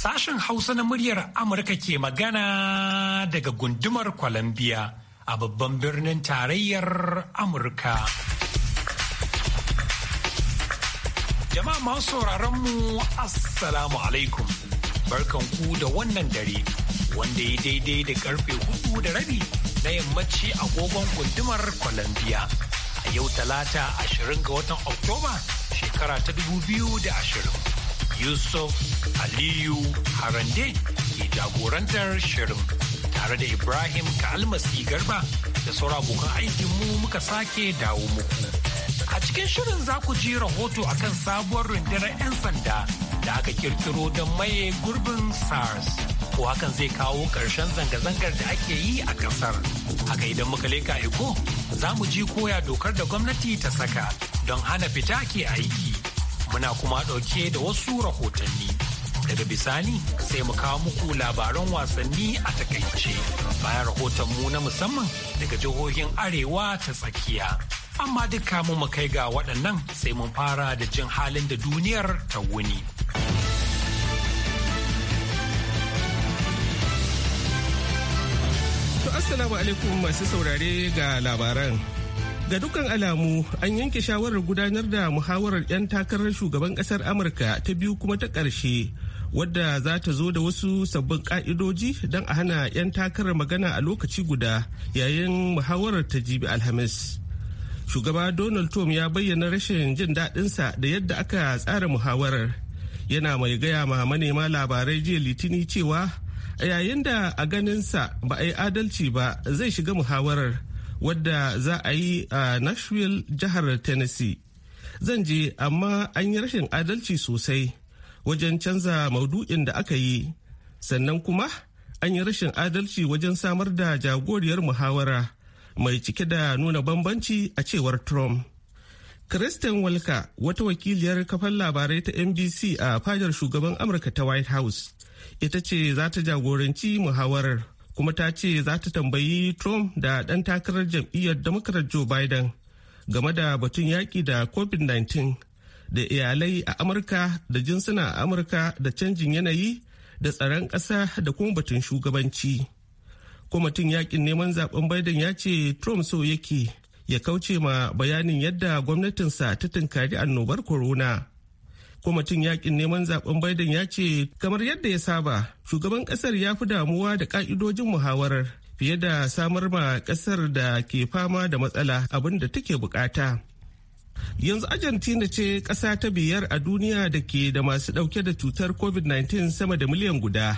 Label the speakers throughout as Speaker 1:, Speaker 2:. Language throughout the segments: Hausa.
Speaker 1: Sashen Hausa na muryar Amurka ke magana daga gundumar kwalambiya a babban birnin tarayyar Amurka. Jama'a masu mu Assalamu alaikum. Barkanku da wannan dare wanda ya daidai da karfe hudu da rabi na yammaci agogon gundumar kwalambiya A yau talata ashirin ga watan Oktoba shekara ta dubu biyu da ashirin. Yusuf Aliyu Harande ke jagorantar shirin tare da Ibrahim Kalmasi Garba da saura abokan aikinmu muka sake dawo muku. A cikin shirin za ku ji rahoto a kan sabuwar rundunar 'yan sanda da aka kirkiro don maye gurbin SARS. ko hakan zai kawo ƙarshen zanga-zangar da ake yi a ƙasar. Haka idan muka leka iko, za mu ji koya dokar da gwamnati ta saka don hana fita ke aiki. muna kuma ɗauke da wasu rahotanni. Daga bisani sai mu kawo muku labaran wasanni a takaice bayan rahotonmu na musamman daga jihohin Arewa ta tsakiya. Amma duka mu kai ga waɗannan sai mun fara da jin halin da duniyar ta wuni.
Speaker 2: To Assalamu alaikum masu saurare ga labaran. Ga dukkan alamu an yanke shawarar gudanar da muhawarar 'yan takarar shugaban kasar Amurka ta biyu kuma ta ƙarshe wadda za ta zo da wasu sabbin ƙa'idoji don a hana 'yan takarar magana a lokaci guda yayin muhawarar ta jibi Alhamis. Shugaba Donald Trump ya bayyana rashin jin daɗinsa da yadda aka tsara muhawarar. Yana mai gaya ma manema labarai jiya litini cewa yayin da a ganinsa ba a yi adalci ba zai shiga muhawarar. wadda za a yi a Nashville jihar Tennessee. Zan je amma an yi rashin adalci sosai wajen canza maudu'in da aka yi. Sannan kuma an yi rashin adalci wajen samar da jagoriyar muhawara mai cike da nuna bambanci a cewar Trump. Kristen Walker wata wakiliyar kafan labarai ta NBC a fadar shugaban Amurka ta White House ita ce za ta jagoranci muhawarar. kuma ta ce za ta tambayi Trump da ɗan takarar jam'iyyar Democrat Joe Biden game da batun yaƙi da COVID-19 da iyalai a Amurka da jinsuna a Amurka da canjin yanayi da tsaron ƙasa da kuma batun shugabanci. Kwamitin yaƙin neman zaben Biden ya ce Trump so yake ya kauce ma bayanin yadda gwamnatinsa ta tunkari annobar corona kwamitin yakin neman zaben biden ya ce kamar yadda ya saba shugaban kasar ya fi damuwa da ka'idojin muhawarar fiye da samar ma kasar da ke fama da matsala abin da take bukata yanzu argentina ce ƙasa ta biyar a duniya da ke da masu ɗauke da cutar covid-19 sama da miliyan guda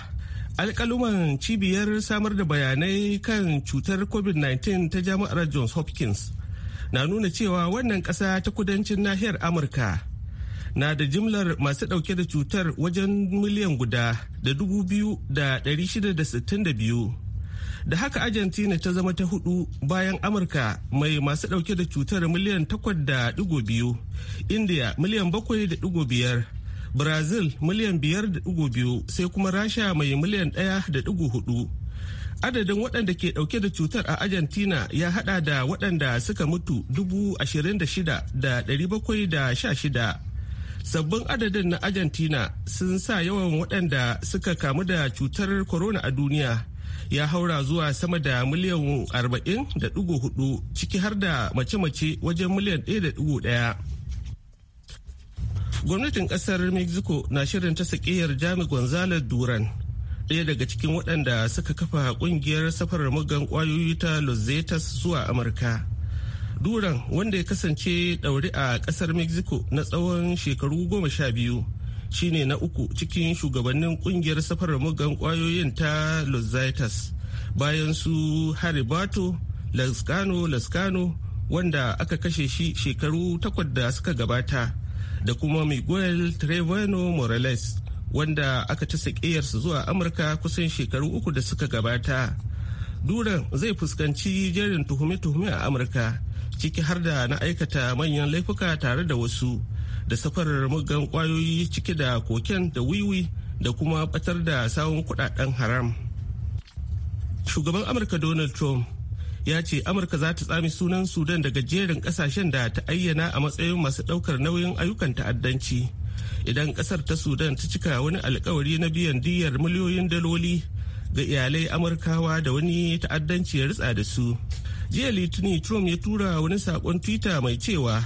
Speaker 2: alkaluman cibiyar samar da bayanai kan cutar covid-19 ta jami'ar johns hopkins na nuna cewa wannan ƙasa ta kudancin nahiyar amurka na da jimlar masu ɗauke da cutar wajen miliyan guda da dubu biyu da ɗari shida da sittin da biyu. Da haka Argentina ta zama ta hudu bayan Amurka mai masu ɗauke da cutar miliyan takwas da ɗigo biyu, India miliyan bakwai da ɗigo biyar, Brazil miliyan biyar da ɗigo biyu sai kuma Rasha mai miliyan ɗaya da ɗigo hudu. adadin waɗanda ke ɗauke da cutar a argentina ya hada da waɗanda suka mutu dubu ashirin da da da shida bakwai sha shida. sabbin adadin na argentina sun sa yawan waɗanda suka kamu da cutar corona a duniya ya haura zuwa sama da miliyan 40.4 ciki har da mace-mace wajen miliyan 1.1 gwamnatin kasar mexico na shirin ta sakiyar jami gonzales duran ɗaya daga cikin waɗanda suka kafa kungiyar safarar mugan kwayoyi ta los zuwa amurka duran wanda ya kasance ɗauri a ƙasar mexico na tsawon shekaru goma sha biyu shine na uku cikin shugabannin kungiyar safarar mugan kwayoyin ta los bayan su haribato lascano lascano wanda aka kashe shi shekaru takwas da suka gabata da kuma miguel trevano morales wanda aka ta sakiyarsa zuwa amurka kusan shekaru uku da suka gabata duran zai fuskanci jerin tuhume-tuhume a amurka ciki har da na aikata manyan laifuka tare da wasu da safarar mugan kwayoyi ciki da koken da wiwi da kuma batar da sawun kudaden haram shugaban amurka donald trump ya ce amurka za ta tsami sunan sudan daga jerin kasashen da ta ayyana a matsayin masu daukar nauyin ayyukan ta'addanci idan kasar ta sudan ta cika wani alkawari na biyan diyar miliyoyin daloli ga iyalai amurkawa da wani ta'addanci ya ritsa da su jiya litinin trump ya tura wani sakon twitter mai cewa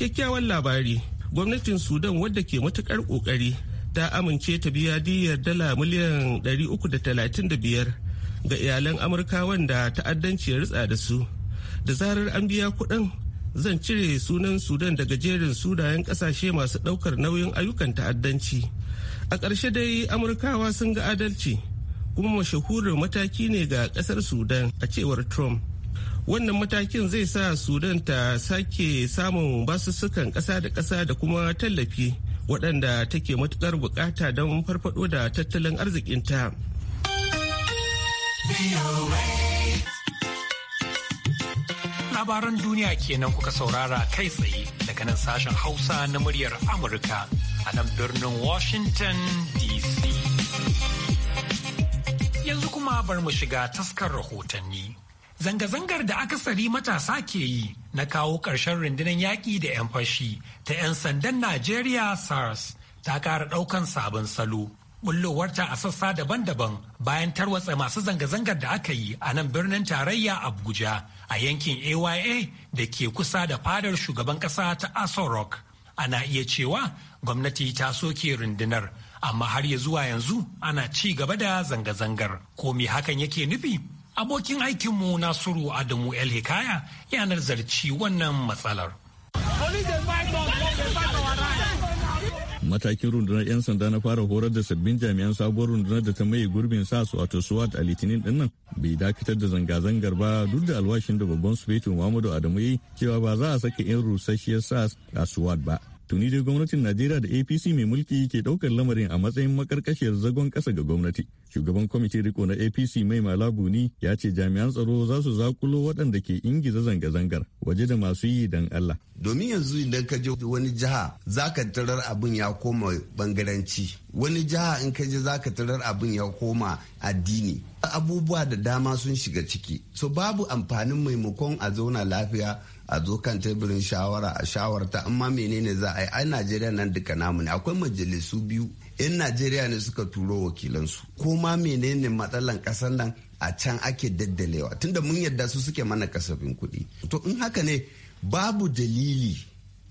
Speaker 2: kyakkyawan labari gwamnatin sudan wadda ke matukar kokari ta amince ta biya diyar dala miliyan 335 ga iyalan amurka wanda ta'addanci ya ritsa da su da zarar an biya kuɗin zan cire sunan sudan daga jerin sunayen kasashe masu daukar nauyin ayyukan ta'addanci a ƙarshe dai amurkawa sun ga adalci kuma mashahurin mataki ne ga ƙasar sudan a cewar trump wannan matakin zai sa sudan ta sake samun basussukan kasa da kasa da kuma tallafi waɗanda take matuƙar buƙata don farfaɗo da tattalin arzikinta
Speaker 1: labaran duniya kenan kuka saurara kai tsaye daga nan sashen hausa na muryar amurka a nan birnin washington dc yanzu kuma bar mu shiga taskar rahotanni Zanga-zangar da aka sari matasa ke yi na kawo ƙarshen rundunar yaƙi da 'yan fashi ta 'yan sandan Najeriya SARS ta ƙara ɗaukan sabon salo. Bullowarta a sassa daban-daban bayan tarwatsa masu zanga-zangar da aka yi a nan birnin tarayya Abuja a yankin AYA da ke kusa da fadar shugaban ƙasa ta Aso Rock. Ana iya cewa gwamnati ta soke rundunar amma har ya zuwa yanzu ana ci gaba da zanga-zangar. Ko me hakan yake nufi? Abokin aikinmu Nasiru Adamu El Hikaya yanar zarci wannan matsalar.
Speaker 3: Matakin rundunar 'yan sanda na fara horar da sabbin jami'an sabuwar rundunar da ta maye gurbin sa su wato suwat a litinin dinnan bai dakatar da zanga-zangar ba duk da alwashin da babban sufeto Muhammadu Adamu yi cewa ba za a saka 'yan rusasshiyar sa a suwat ba. tuni dai gwamnatin najeriya da apc mai mulki ke daukar lamarin a matsayin makarkashiyar zagon kasa ga gwamnati shugaban kwamitin riko na apc mai malabu ya ce jami'an tsaro za su zakulo waɗanda ke ingiza zanga-zangar waje da masu yi don allah domin
Speaker 4: yanzu idan ka je wani jiha za ka tarar abin ya koma bangaranci wani jiha in ka je za ka tarar abin ya koma addini abubuwa da dama sun shiga ciki so babu amfanin maimakon a zauna lafiya a zo kan teburin shawara a shawarta amma menene za a yi ai najeriya nan duka namu ne akwai majalisu biyu 'yan najeriya ne suka turo wakilansu ko ma menene matsalan kasan nan a can ake daddalewa tunda mun yadda su suke mana kasafin kuɗi to in haka ne babu dalili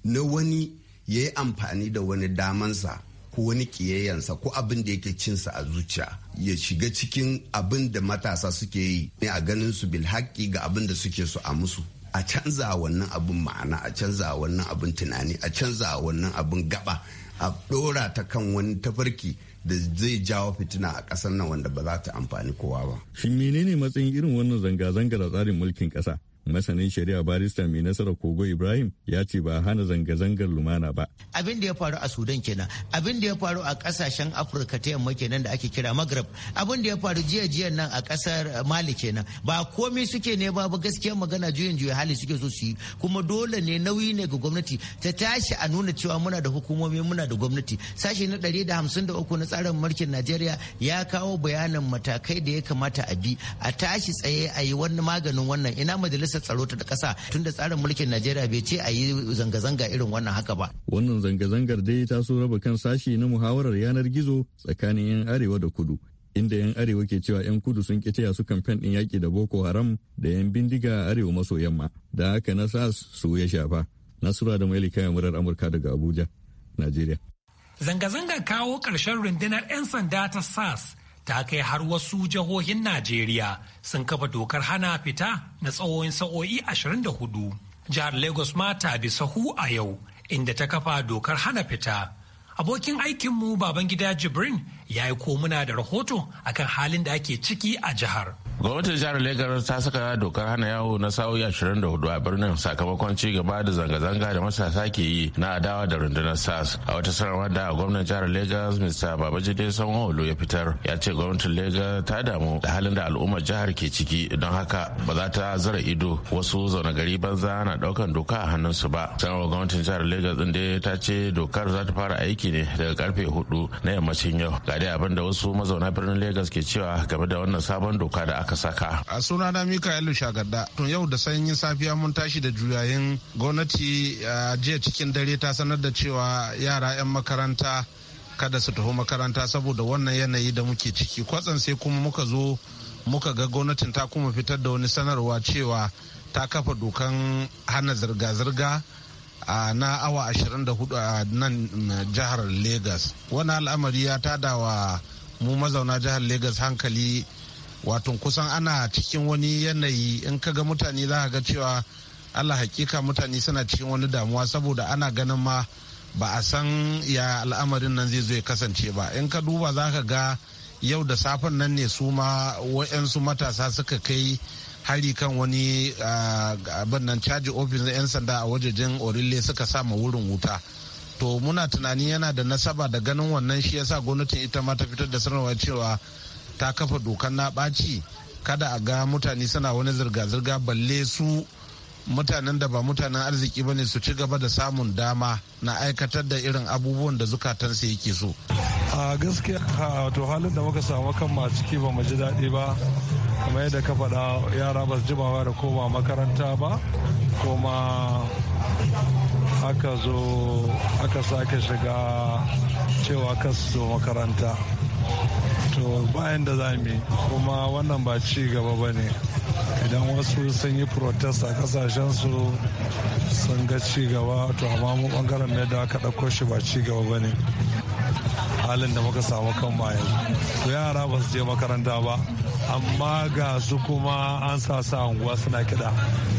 Speaker 4: na wani ya yi amfani da wani damansa ko wani kiyayyansa ko abin da yake cinsa a zuciya ya shiga cikin abin da matasa suke yi ne a ganin su bilhaki ga abin da suke su a musu a canza wannan abin ma'ana a canza wannan abin tunani a canza wannan abin gaba a ɗora ta kan wani tafarki da zai jawo fitina a ƙasar nan wanda ba za ta amfani kowa ba.
Speaker 3: Shin menene matsayin irin wannan zanga zanga da tsarin mulkin ƙasa? masanin shari'a barista mai nasara kogo ibrahim ya ce ba hana zanga-zangar lumana ba abin da ya faru a sudan kenan abin da ya faru a kasashen afirka
Speaker 5: ta yamma kenan da ake kira maghreb abin da ya faru jiya jiyan nan a kasar mali kenan ba komai suke ne ba gaskiya magana juyin juya hali suke so su yi kuma dole ne nauyi ne ga gwamnati ta tashi a nuna cewa muna da hukumomi muna da gwamnati sashi na ɗari da hamsin da uku na tsarin mulkin najeriya ya kawo bayanin matakai da ya kamata a bi a tashi tsaye a yi wani maganin wannan ina majalisar majalisar tsaro ta kasa tun da tsarin mulkin najeriya bai ce a yi zanga-zanga
Speaker 3: irin wannan haka ba wannan zanga-zangar dai ta so raba kan sashi na muhawarar yanar gizo tsakanin yan arewa da kudu inda 'yan arewa ke cewa 'yan kudu sun kitaya su kamfen ɗin yaƙi da boko haram da 'yan bindiga a arewa maso yamma da haka na sas su ya shafa nasura da mailika yamurar murar amurka daga abuja najeriya
Speaker 1: zanga-zangar kawo karshen rundunar 'yan sanda ta sas ta kai har wasu jihohin Najeriya sun kafa dokar hana fita na tsawon sa'o'i 24. Jihar Lagos ma ta bi sahu a yau inda ta kafa dokar hana fita. Abokin aikinmu Babangida Jibrin ya yi komuna da rahoto akan halin da ake ciki a jihar.
Speaker 6: gwamnatin jihar Legas ta saka dokar hana yawo na sa'o'i hudu a birnin sakamakon ci gaba da zanga-zanga da matasa ke yi na adawa da rundunar sas a wata sanarwa da gwamnan jihar Legas mr babajide sanwo-olu ya fitar ya ce gwamnatin lagos ta damu da halin da al'ummar jihar ke ciki don haka ba za ta zara ido wasu zaune gari banza na daukan doka a hannunsu ba sanarwar gwamnatin jihar Legas din dai ta ce dokar za ta fara aiki ne daga karfe hudu na yammacin yau ga dai abin da wasu mazauna birnin Legas ke cewa game da wannan sabon doka da aka aka saka.
Speaker 7: A suna na Mikaelu Shagadda, tun yau da sanyin safiya mun tashi da juyayin gwamnati a jiya cikin dare ta sanar da cewa yara 'yan makaranta kada su tafi makaranta saboda wannan yanayi da muke ciki. Kwatsan sai kuma muka zo muka ga gwamnatin ta kuma fitar da wani sanarwa cewa ta kafa dokan hana zirga-zirga a na awa 24 a nan mm, jihar Legas. Wani al'amari ya tada wa mu mazauna jihar Legas hankali wato kusan ana cikin wani yanayi in ka ga mutane za ga cewa allah hakika mutane suna cikin wani damuwa saboda ana ganin ma ba a san ya al'amarin nan zai zo ya kasance ba in ka duba za ka ga yau da safen nan ne su ma wa'yansu matasa suka kai hari kan wani abin nan caji ofis na 'yan sanda a wajejen orille suka sama wurin wuta to muna tunani yana da nasaba da ganin wannan shi yasa gwamnatin ita ma ta fitar da sanarwa cewa ta kafa dokan na ɓaci kada a ga mutane suna wani zirga-zirga balle su mutanen da ba mutanen arziki ba ne su ci gaba da samun dama na aikatar da irin abubuwan da zukatansa yake so. a gaskiya wato halin da muka samu kan masu ciki ba mu ji daɗi ba kamar yadda ka faɗa yara ba su jimawa da koma makaranta ba kuma aka zo aka sake shiga cewa kasu makaranta to bayan da za mu kuma wannan ba ci gaba ba ne idan wasu sun yi protest a kasashensu sun ga ci gaba to amma mu bangaren da aka ɗauko shi ba ci gaba ba ne halin da muka samu kan yanzu yara ba su je makaranta ba amma ga su kuma an sa sa unguwa suna kiɗa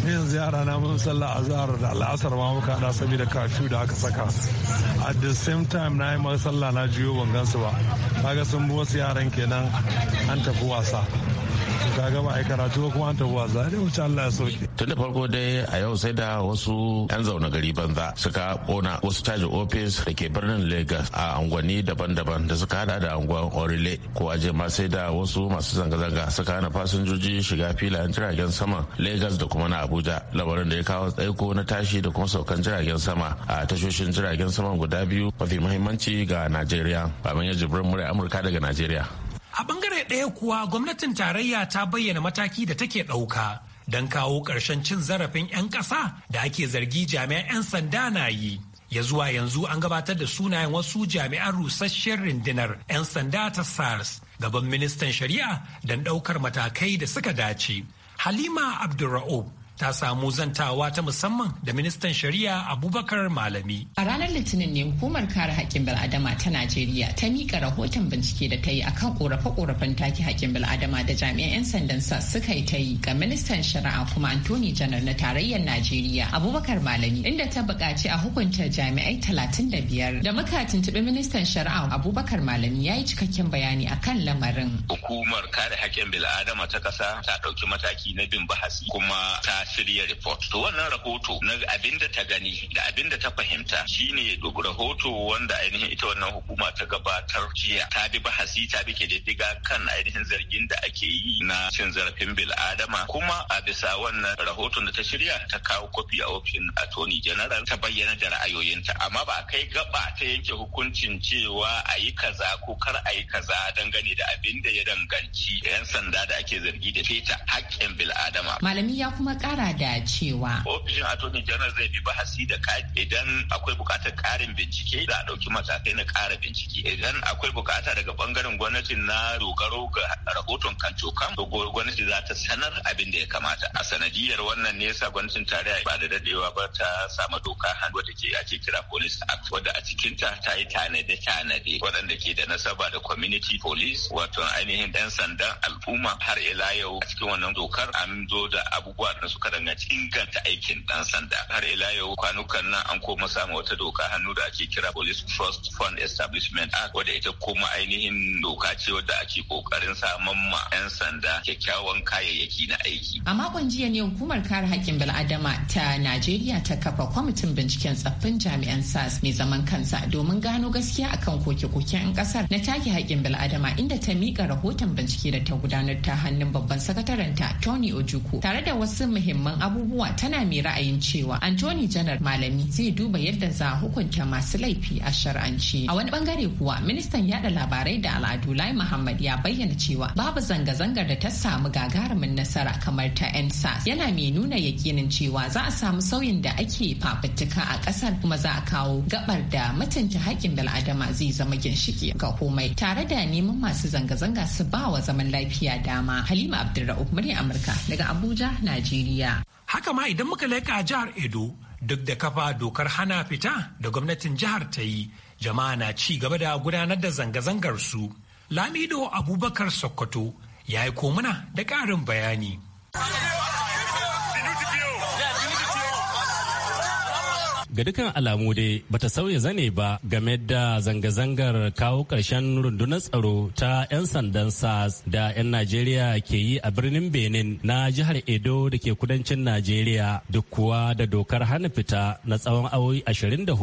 Speaker 7: yin ziyara yara na mun sallah zarar da al'asar ma muka da saboda kashu da aka saka at the same time na yi sallah na jiyo ban gansu ba kaga sun bi wasu yaran kenan an tafi wasa ka gama ai karatu kuma an tabuwa wasa dai wuce Allah ya sauke
Speaker 6: tun da farko dai a yau sai da wasu yan zauna gari banza suka kona wasu caji ofis da ke birnin Lagos a unguwanni daban-daban da suka hada da unguwan Orile ko aje ma sai da wasu masu zanga-zanga suka hana fasinjoji shiga filayen jiragen sama Lagos da kuma na Abuja labarin da ya kawo tsaiko na tashi da kuma saukan jiragen sama a tashoshin jiragen sama guda biyu mafi mahimmanci ga Najeriya. Baban ya jibrin murai Amurka daga Najeriya.
Speaker 1: A bangare ɗaya kuwa gwamnatin tarayya ta bayyana mataki da take ɗauka don kawo ƙarshen cin zarafin 'yan ƙasa da ake zargi jami'an 'yan sanda na yi. Ya zuwa yanzu an gabatar da sunayen wasu jami'an rusasshen rundunar 'yan sanda ta SARS gaban ministan shari'a don ɗaukar matakai da suka dace. Halima Abdulra'ub ta samu zantawa ta musamman da ministan shari'a abubakar malami.
Speaker 8: A ranar litinin ne hukumar kare haƙƙin bil'adama ta Najeriya ta miƙa rahoton bincike da ta yi akan ƙorafe-ƙorafen take haƙƙin bil'adama da jami'an 'yan sandan sa suka yi ta yi ga ministan shari'a kuma Antoni Janar na tarayyar Najeriya Abubakar Malami inda ta buƙaci a hukunta jami'ai talatin da biyar da muka tuntuɓi ministan shari'a Abubakar Malami ya yi cikakken bayani akan lamarin.
Speaker 9: Hukumar kare haƙƙin bil'adama ta ƙasa ta ɗauki mataki na bin bahasi kuma ta shirya report to wannan rahoto na abinda ta gani da abinda ta fahimta shine rahoto wanda ainihin ita wannan hukuma ta gabatar jiya ta bi bahasi ta bi kididdiga kan ainihin zargin da ake yi na cin zarafin bil'adama kuma a bisa wannan rahoton da ta shirya ta kawo kofi a ofishin attorney general ta bayyana da ra'ayoyinta amma ba a kai gaba ta yanke hukuncin cewa a yi kaza ko kar a yi kaza dangane da abin da ya danganci 'yan sanda da ake zargi da feta haƙƙin bil'adama.
Speaker 8: Malami ya kuma ƙara kara da cewa.
Speaker 9: Ofishin atoni janar zai bi bahasi da kaki idan akwai bukatar karin bincike da a ɗauki matakai na kara bincike. Idan akwai bukata daga bangaren gwamnati na dogaro ga rahoton kancokan to gwamnati za ta sanar abin da ya kamata. A sanadiyar wannan ne yasa gwamnatin tarayya ba da dadewa ba ta sama doka hannu wadda ke ake kira Police Act wadda a cikinta ta yi tanade-tanade waɗanda ke da nasaba da community police wato ainihin 'yan sandan al'umma har ila yau a cikin wannan dokar an zo da abubuwa da su kwanukan na cikin ganta aikin dan sanda har ila yau kwanukan nan an koma samu wata doka hannu da ake kira police trust fund establishment act wadda ita kuma ainihin doka ce wadda ake kokarin samun ma yan sanda kyakkyawan kayayyaki na aiki
Speaker 8: a makon jiya ne hukumar kare haƙƙin bil'adama ta najeriya ta kafa kwamitin binciken tsaffin jami'an sas mai zaman kansa domin gano gaskiya akan koke-koken kasar na take haƙƙin bil'adama inda ta mika rahoton bincike da ta gudanar ta hannun babban sakatarenta tony ojuku tare da wasu muhimman muhimman abubuwa tana mai ra'ayin cewa Anthony Janar Malami zai duba yadda za hukunta masu laifi a shar'anci. A wani bangare kuwa ministan yada labarai da al'adu Lai Muhammad ya bayyana cewa babu zanga-zangar da ta samu gagarumin nasara kamar ta NSAS yana mai nuna yakinin cewa za a samu sauyin da ake fafutuka a kasar kuma za a kawo gabar da mutunta haƙƙin bil'adama zai zama ginshiki ga komai tare da neman masu zanga-zanga su ba wa zaman lafiya dama. Halima Abdulra'uf murya Amurka daga Abuja, Najeriya. Najeriya.
Speaker 1: Haka ma idan muka laika jihar Edo duk da kafa dokar hana fita da gwamnatin jihar ta yi jama'a na ci gaba da gudanar da zanga-zangar su. Lamido Abubakar Sokoto ya yi komuna da ƙarin bayani.
Speaker 10: ga dukkan alamu dai bata sauya zane ba game da zanga-zangar kawo karshen rundunar tsaro ta 'yan sandan sars da 'yan najeriya ke yi a birnin benin na jihar edo da ke kudancin najeriya duk kuwa da dokar hana fita na tsawon awoyi 24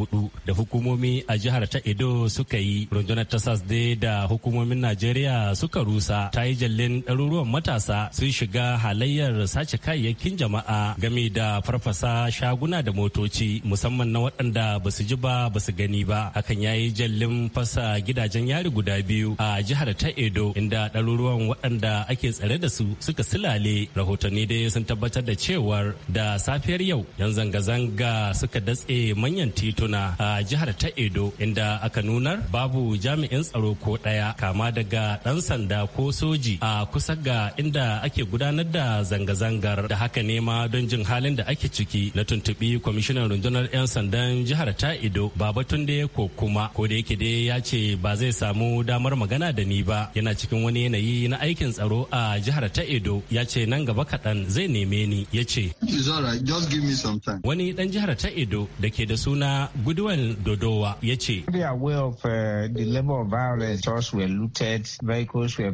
Speaker 10: da hukumomi a jihar ta edo suka yi rundunar ta sars dai da hukumomin najeriya suka rusa ta yi jallin ɗaruruwan matasa sun shiga halayyar sace kayayyakin jama'a game da farfasa shaguna da motoci musamman musamman na waɗanda ba su ji ba ba su gani ba hakan ya yi jallin fasa gidajen yari guda biyu a jihar ta edo inda ɗaruruwan waɗanda ake tsare da su suka silale rahotanni dai sun tabbatar da cewar da safiyar yau yan zanga-zanga suka datse manyan tituna a jihar ta edo inda aka nunar babu jami'in tsaro ko ɗaya kama daga ɗan sanda ko soji a kusa ga inda ake gudanar da zanga-zangar da haka nema don jin halin da ake ciki na tuntuɓi kwamishinan rundunar 'yan sandan jihar ta Ido Babatunde Kokuma ko kuma da yake dai ya ce ba zai samu damar magana da ni ba yana cikin wani yanayi na aikin tsaro a jihar ta Edo ya ce nan gaba kaɗan zai neme ni ya ce. Wani dan jihar ta Edo da ke da suna Goodwill Dodowa ya ce. Uh,
Speaker 7: vehicles were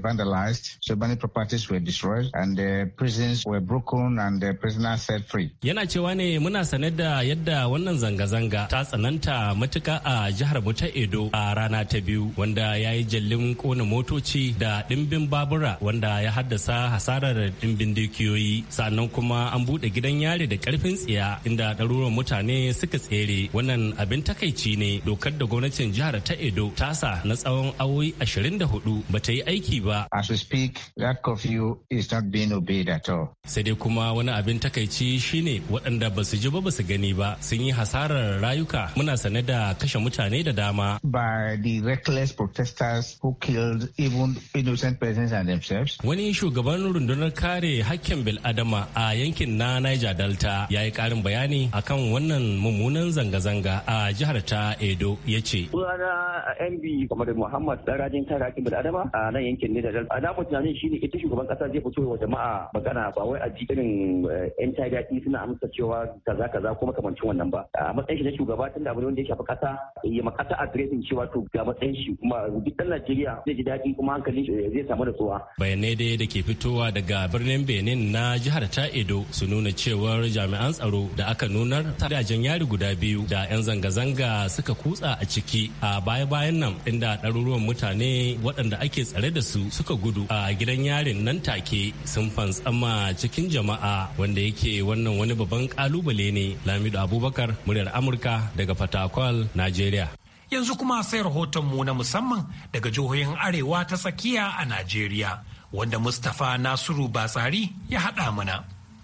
Speaker 7: so many properties were destroyed, and uh, prisons were
Speaker 11: broken and the set
Speaker 10: Yana cewa ne muna sanar da yadda wannan zanga-zanga ta tsananta matuka a jihar ta Edo a rana ta biyu wanda ya yi jallin kona motoci da dimbin babura wanda ya haddasa hasarar dimbin dukiyoyi sannan kuma an buɗe gidan yari da karfin tsiya inda ɗaruruwan mutane suka tsere wannan abin takaici ne dokar da gwamnatin jihar ta Edo tasa na tsawon awoyi 24 ta yi aiki ba. As we speak, that curfew is not being obeyed at all. Sai dai kuma wani abin takaici shine waɗanda ba su ji ba ba su gani ba sun yi hasara asarar rayuka muna sane da kashe mutane da dama.
Speaker 7: By the reckless protesters who killed
Speaker 10: even innocent persons and themselves. Wani shugaban rundunar kare hakkin bil'adama a yankin na Niger Delta ya yi karin bayani akan wannan mummunan zanga-zanga a jihar ta Edo ya ce.
Speaker 9: Sunana MB kamar Muhammad Darajin kare hakkin bil'adama a nan yankin Niger Delta. A namu tunanin shine ita shugaban kasa zai fito wa jama'a magana ba wai a ji 'yan eh, tagaki suna amsa cewa kaza kaza kuma kamancin wannan ba. matsayin shi na shugaba tun da abu ne wanda ya shafi kasa ya ma kasa adiresin cewa to ga matsayin shi kuma duk dan Najeriya zai ji daɗi kuma hankalin zai samu da tsowa.
Speaker 10: Bayanai dai da ke fitowa daga birnin Benin na jihar ta Edo su nuna cewar jami'an tsaro da aka nunar gidajen yari guda biyu da 'yan zanga-zanga suka kutsa a ciki a baya-bayan nan inda ɗaruruwan mutane waɗanda ake tsare da su suka gudu a gidan yarin nan take sun fantsama cikin jama'a wanda yake wannan wani babban kalubale ne Lamidu Abubakar muryar Amurka daga Fatakwal, Najeriya. Yanzu kuma sai rahotonmu na musamman daga jihohin Arewa
Speaker 1: ta tsakiya a Najeriya, wanda Mustapha Nasiru Batsari ya haɗa mana.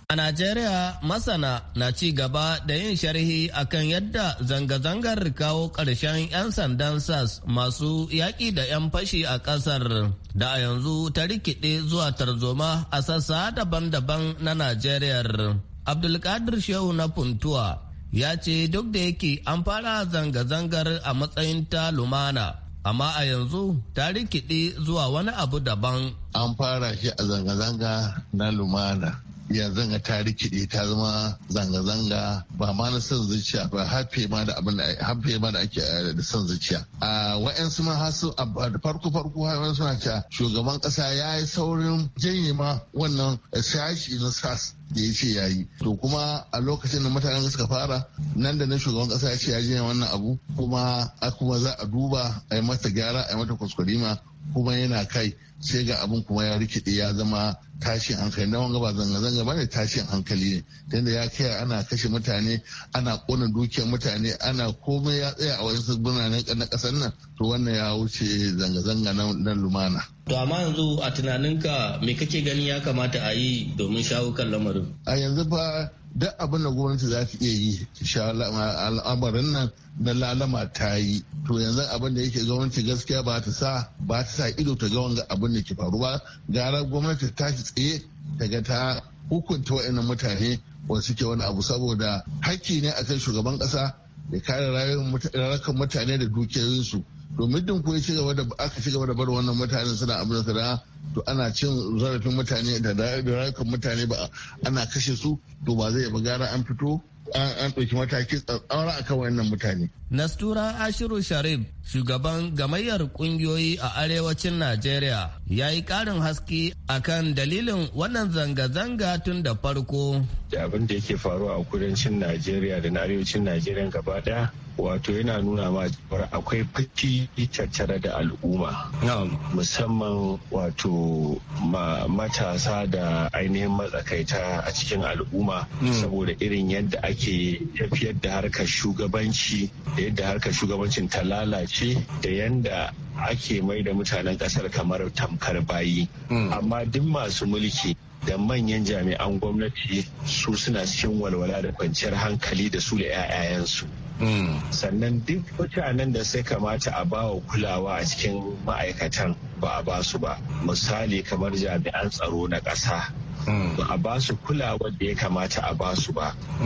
Speaker 12: A Najeriya masana na ci gaba da yin sharhi akan yadda zanga-zangar kawo ƙarshen 'yan sandan SAS masu yaƙi da 'yan fashi a ƙasar da a yanzu ta rikide zuwa tarzoma a sassa daban-daban na Najeriya. Abdulkadir Shehu na Puntuwa ya ce duk da yake an fara zanga-zangar a matsayin ta lumana amma a yanzu ta rikide zuwa wani abu daban
Speaker 11: an fara shi a zanga-zanga na lumana ya zanga ta rikide ta zama zanga-zanga ba ma na son zuciya ba hafe ma da abin hafe ma da ake eh, da son zuciya a su ma hasu farko farko suna cewa shugaban kasa ya yi saurin janye ma wannan sashi na sas da ya ce ya yi to kuma a lokacin da mutanen suka fara nan da nan shugaban kasa ya ce ya janye wannan abu kuma kuma za a duba a yi mata gyara a yi mata ma kuma yana kai sai ga abin kuma ya rikide ya zama tashin hankali na wanga ba zanga-zanga ba ne tashin hankali ne tunda ya kai ana kashe mutane ana kona dukiyar mutane ana komai ya tsaya a wasu birnin na kasar nan to wannan ya wuce zanga-zanga na lumana
Speaker 12: to amma yanzu a tunaninka me kake gani ya kamata a yi domin shawo kan lamarin
Speaker 11: a yanzu ba. duk abin da gwamnati za ta iya yi al'amarin nan na lalama ta yi to yanzu abin da yake gwamnati gaskiya ba ta sa ba ta sa ido ta ga wanga abin da ke faru ba. gara gwamnati ta ci tsaye ta ga ta hukunta wa'annan mutane wasu ke wani abu saboda hakki ne akan shugaban kasa da kare rayukan mutane da dukiyoyinsu domin din kuwa ci gaba da aka ci gaba da bar wannan mutanen suna amurka da to ana cin zarafin mutane da rayukan mutane ba ana kashe su to ba zai ba gara an fito an ɗauki mataki tsatsaura kan wannan mutane.
Speaker 12: Nastura Ashiru Sharif, shugaban gamayyar ƙungiyoyi a arewacin Najeriya, ya yi ƙarin haske kan dalilin wannan zanga-zanga tun da
Speaker 13: farko. Da abin da yake faruwa a kudancin Najeriya da na arewacin Najeriya gaba ɗaya wato yana nuna ma cewar akwai fakki tattare da al'umma musamman wato matasa da ainihin matsakaita a cikin al'umma hmm. saboda irin yadda ake tafiyar da harkar shugabanci da yadda harkar shugabancin ta lalace da yadda ake mai da mutanen kasar kamar tamkar bayi hmm. amma duk masu mulki da manyan jami'an gwamnati su suna cikin walwala da kwanciyar hankali da su da 'ya'yayensu hmm. sannan duk mutanen da sai kamata a bawa kulawa a cikin ma'aikatan ba a ba su ba misali kamar jami'an tsaro na ƙasa Mm. ba a ba su kulawar da ya kamata a ba su mm.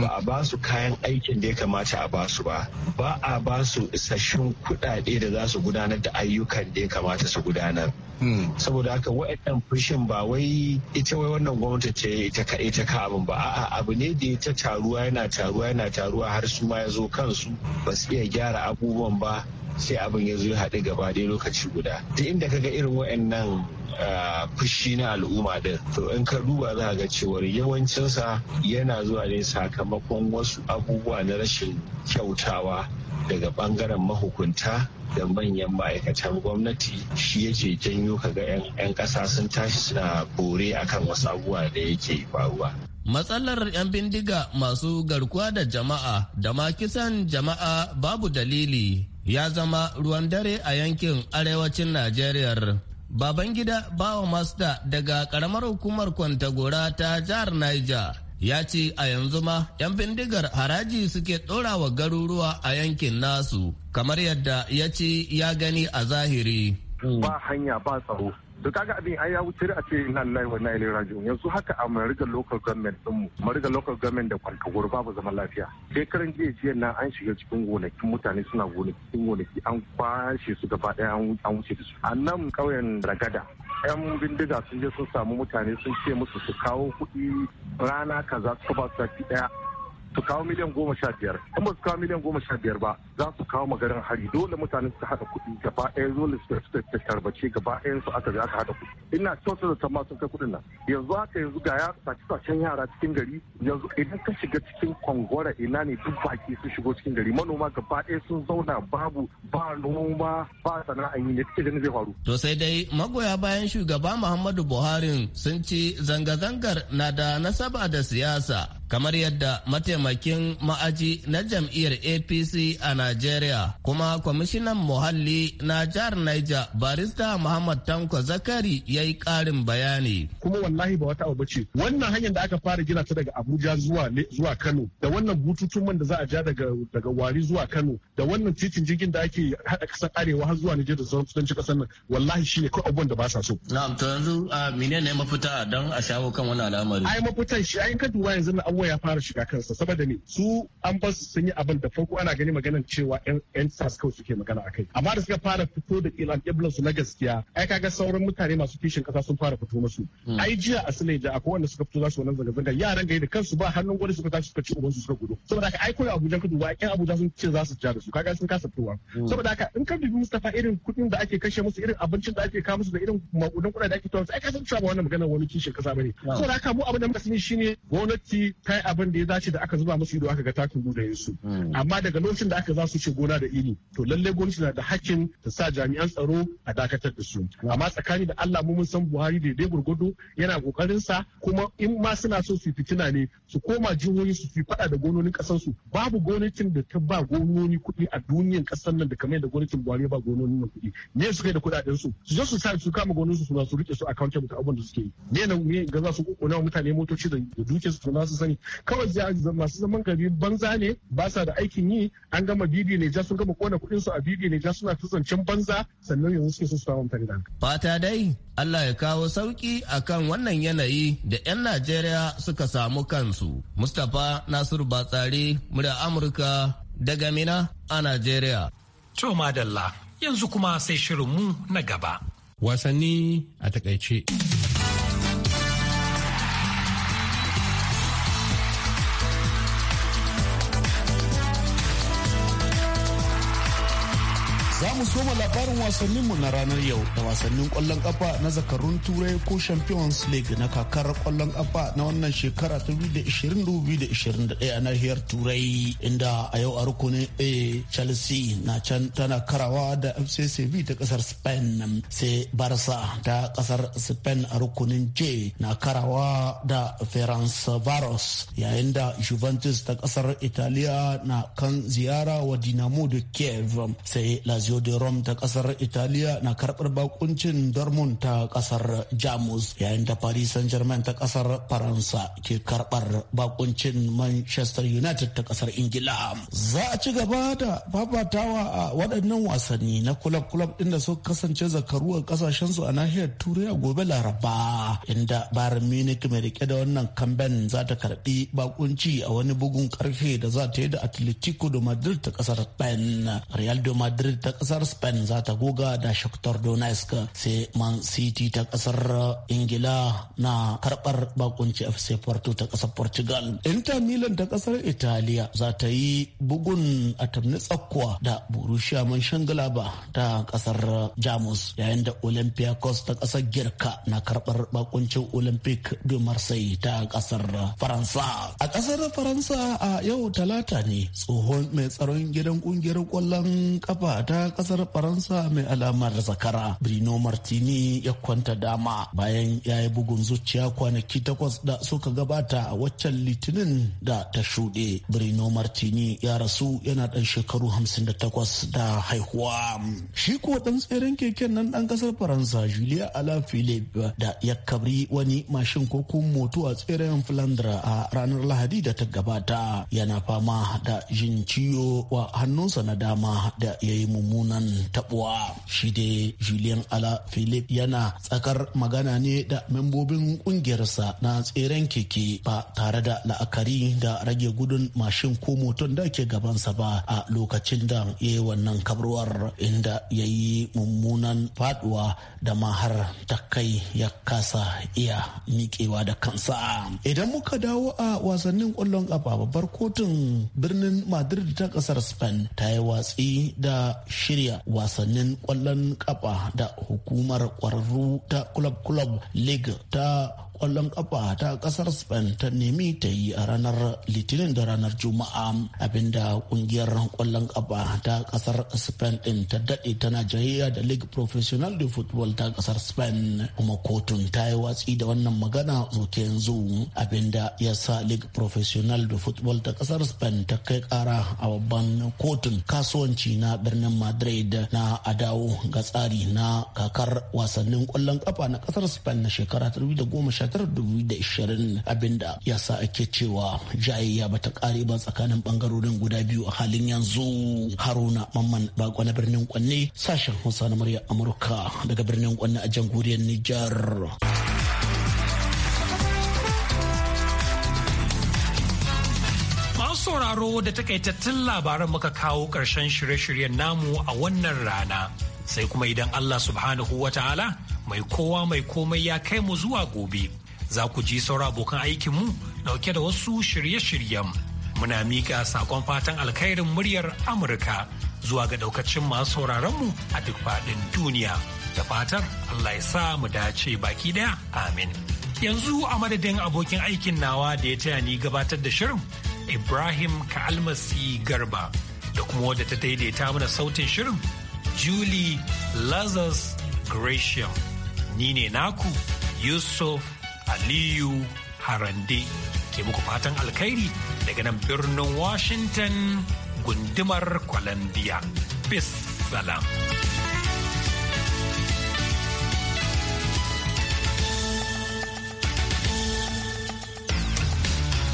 Speaker 13: ba ba a ba su kayan aikin da ya kamata a ba su ba ba a ba su isasshen kuɗaɗe da za su gudanar da ayyukan da ya kamata su gudanar mm. saboda haka waannan fushin ba wai ita wai wannan gwamnati ce ita ka ta ka abin ba a'a abu ne da ita taruwa yana taruwa yana taruwa har su ma ya zo kansu ba su iya gyara abubuwan ba sai abin ya zo ya haɗu gaba ɗaya lokaci guda duk inda kaga irin waɗannan Eh, fushi na al'umma din to in ka duba za ga cewar yawancinsa yana zuwa ne sakamakon wasu abubuwa na rashin kyautawa daga bangaren mahukunta da manyan ma'aikatan gwamnati shi yake janyo kaga 'yan ƙasa sun tashi suna bore akan wasu abubuwa da yake faruwa.
Speaker 12: Matsalar 'yan bindiga masu garkuwa da jama'a da ma kisan jama'a babu dalili ya zama ruwan dare a yankin arewacin Najeriya. Babangida Bawa Masta daga karamar hukumar Kwantagora ta jihar Niger ya ce a yanzu ma 'yan bindigar haraji suke ɗora wa garuruwa a yankin nasu kamar yadda ya ce ya gani a zahiri. Ba
Speaker 14: hanya ba tsaro duk kaga abin ai ya wuce a ce na lillahi wa ilaihi raji'un yanzu haka a mariga local government din mu mariga local government da kwantagoro babu zaman lafiya shekaran jiya jiya na an shiga cikin gonakin mutane suna gonakin gonaki an kwashe su gaba daya an wuce da su a nan kauyen ragada yan bindiga sun je sun samu mutane sun ce musu su kawo kuɗi rana kaza suka ba su daya su kawo miliyan goma sha biyar in ba su kawo miliyan goma sha biyar ba za su kawo magaran hari dole mutane su haɗa kuɗi gaba ɗaya dole su ta tarbace gaba ɗayan su aka aka haɗa kuɗi ina kyautar da tamma sun kai kuɗin nan yanzu haka yanzu ga ya sace sacen yara cikin gari yanzu idan ka shiga cikin kwangwara ina ne duk baki sun shigo cikin gari manoma gaba ɗaya sun zauna babu ba noma ba sana'a yi ne kike zai faru.
Speaker 12: to sai dai magoya bayan shugaba muhammadu buhari sun ce zanga-zangar na da nasaba da siyasa kamar yadda mataimakin ma'aji na jam'iyyar apc a Nigeria, kuma kwamishinan muhalli na jihar niger barista muhammad tanko
Speaker 14: zakari ya yi karin bayani kuma wallahi ba wata abu bace wannan hanyar da aka fara gina ta daga abuja zuwa zuwa kano da wannan bututun man da za a ja daga daga wari zuwa kano da wannan titin jirgin da ake hada kasar arewa har zuwa Niger da sauran kudancin kasar nan wallahi shine kawai abubuwan da ba sa so na'am to
Speaker 12: yanzu menene mafita don a shawo kan wannan al'amari ai
Speaker 14: mafitan shi ai ka duba yanzu na abubuwa ya fara shiga kansa saboda ne su an su sun yi abin da farko ana gani maganar cewa yan sas kawai suke magana a kai amma da suka fara fito da ilan iblan su na gaskiya ai kaga sauran mutane masu kishin kasa sun fara fito musu hmm. ai jiya a da akwai wanda suka fito za su wannan zanga zanga yaran gari da kansu ba hannun gwani suka tashi suka ci uban su suka gudu saboda ka ai koyi abuja kudu ba yan abuja sun ce za su ja da su kaga sun kasa fitowa hmm. saboda ka in ka dubi mustafa irin kuɗin da ake kashe musu irin abincin da ake kawo musu da irin makudan kuɗa da ake tawo ai ka san cewa wannan magana wani kishin kasa bane hmm. saboda ka mu abin da muka sani shine gwamnati kai abin da ya dace da aka zuba musu ido aka ga takin su hmm. amma daga lokacin da aka za su ce gona da iri to lallai gwamnati na da hakkin ta sa jami'an tsaro a dakatar da su hmm. amma tsakani da Allah mu mun san Buhari da daidai gurgudu yana kokarin sa kuma in ma suna so su fitina ne su koma jihohi su fi fada da gononin kasar su babu gwamnatin da ta ba gononi kuɗi a duniyar kasar nan da kamar da gwamnatin Buhari ba gononin nan kuɗi me su kai da kuɗaɗen su su je su sa su kama gononin su su su rike su accountable da abin da suke yi ne nan ga za su kokona mutane motoci da dukiyar su su sani yi kawai masu zaman gari banza ne ba sa da aikin yi an gama bibi ne ja sun gama kona kuɗin su a bibi ne ja suna ta banza sannan yanzu suke su samu
Speaker 12: fata dai Allah ya kawo sauki akan wannan yanayi da 'yan Najeriya suka samu kansu Mustapha Nasiru Batsari murya Amurka daga Mina a
Speaker 1: Najeriya to madalla yanzu kuma sai shirinmu na gaba wasanni
Speaker 7: a takaice
Speaker 5: soma labarin wasannin mu na ranar yau da wasannin kwallon kafa na zakarun turai ko champions league na kakar kwallon kafa na wannan shekara ta 2021 a nahiyar turai inda a yau a rukunin a chelsea na can tana karawa da fc ta kasar spain sai barsa ta kasar spain a rukunin j na karawa da ference varos yayin da juventus ta kasar italiya na kan ziyara wa dinamo de kiev sai lazio de Rome ta kasar Italiya na karbar bakuncin Dortmund ta kasar Jamus yayin da Paris Saint-Germain ta kasar Faransa ke karbar bakuncin Manchester United ta kasar Ingila. Za a ci gaba da fafatawa a waɗannan wasanni na kulab-kulab ɗin da suka kasance zakaru a su a nahiyar Turai a gobe Laraba inda Bayern Munich mai rike da wannan kamben za ta karbi bakunci a wani bugun karfe da za ta yi da Atletico de Madrid ta kasar Spain. Real de Madrid ta kasar spain za ta goga da shakhtar donetsk sai man city ta kasar ingila na karbar bakunci fc porto ta kasar portugal inter milan ta kasar italiya za ta yi bugun a tamni tsakkuwa da borussia mönchengladbach ta kasar jamus yayin da olympiacos ta kasar girka na karbar bakuncin olympic de marseille ta kasar faransa a kasar faransa a yau talata ne tsohon mai tsaron gidan kungiyar kwallon kafa ta kasar kasar faransa mai alamar zakara brino martini ya kwanta dama bayan ya yi bugun zuciya kwanaki takwas da suka gabata a waccan litinin da ta shuɗe brino martini ya rasu yana ɗan shekaru 58 da haihuwa shi kuwa ɗan tseren keken nan ɗan kasar faransa julia ala philippe da ya kabri wani mashin ko moto a tseren flandra a ranar lahadi da ta gabata yana fama da jin ciwo wa hannunsa na dama da ya yi mummunan kan tabuwa shi dai julian ala philip yana tsakar magana ne da membobin kungiyarsa na tseren keke ba tare da la'akari da rage gudun mashin ko moton da ke gabansa ba a lokacin da ya yi wannan kabarwar inda ya yi mummunan faduwa da mahar ta kai ya kasa iya miƙewa da kansa idan muka dawo a wasannin kwallon kafa babbar kotun birnin madrid ta kasar spain ta yi watsi da shirya wasannin kwallon kafa da hukumar kwararru ta club club league ta kwallon kafa ta kasar spain ta nemi ta yi a ranar litinin da ranar juma'a abinda kungiyar kwallon kafa ta kasar spain din ta dade tana najeriya da league professional de football ta kasar spain kuma kotun ta yi watsi da wannan magana zuke yanzu abinda ya sa league professional de football ta kasar spain ta kai kara a babban kotun kasuwanci na birnin madrid na adawo ga tsari na kakar wasannin kwallon kafa na kasar spain na shekara 2010 1920 abinda ya sa ake cewa jayayya bata kare ba tsakanin bangarorin guda biyu a halin yanzu haruna mamman bako na birnin kwanne sashen hausa na murya amurka daga birnin kwanne a jamhuriyar nijar
Speaker 1: sauraro da takaitattun labaran muka kawo ƙarshen shirye-shiryen namu a wannan rana sai kuma idan Allah subhanahu wa ta'ala mai kowa mai komai ya kai mu zuwa gobe za ku ji sauran abokan aikinmu dauke da wasu shirye-shiryen muna miƙa saƙon fatan alkhairin muryar amurka zuwa ga daukacin masu sauraronmu a duk faɗin duniya da fatar allah ya sa mu dace baki ɗaya, amin yanzu a madadin abokin aikin nawa da ya taya ni gabatar da shirin ibrahim Ka'almasi garba da kuma wadda ta daidaita mana sautin shirin julie lazarus gratium ni ne naku yusuf aliyu harande ke muku fatan alkhairi daga nan birnin washington gundumar columbia bis salam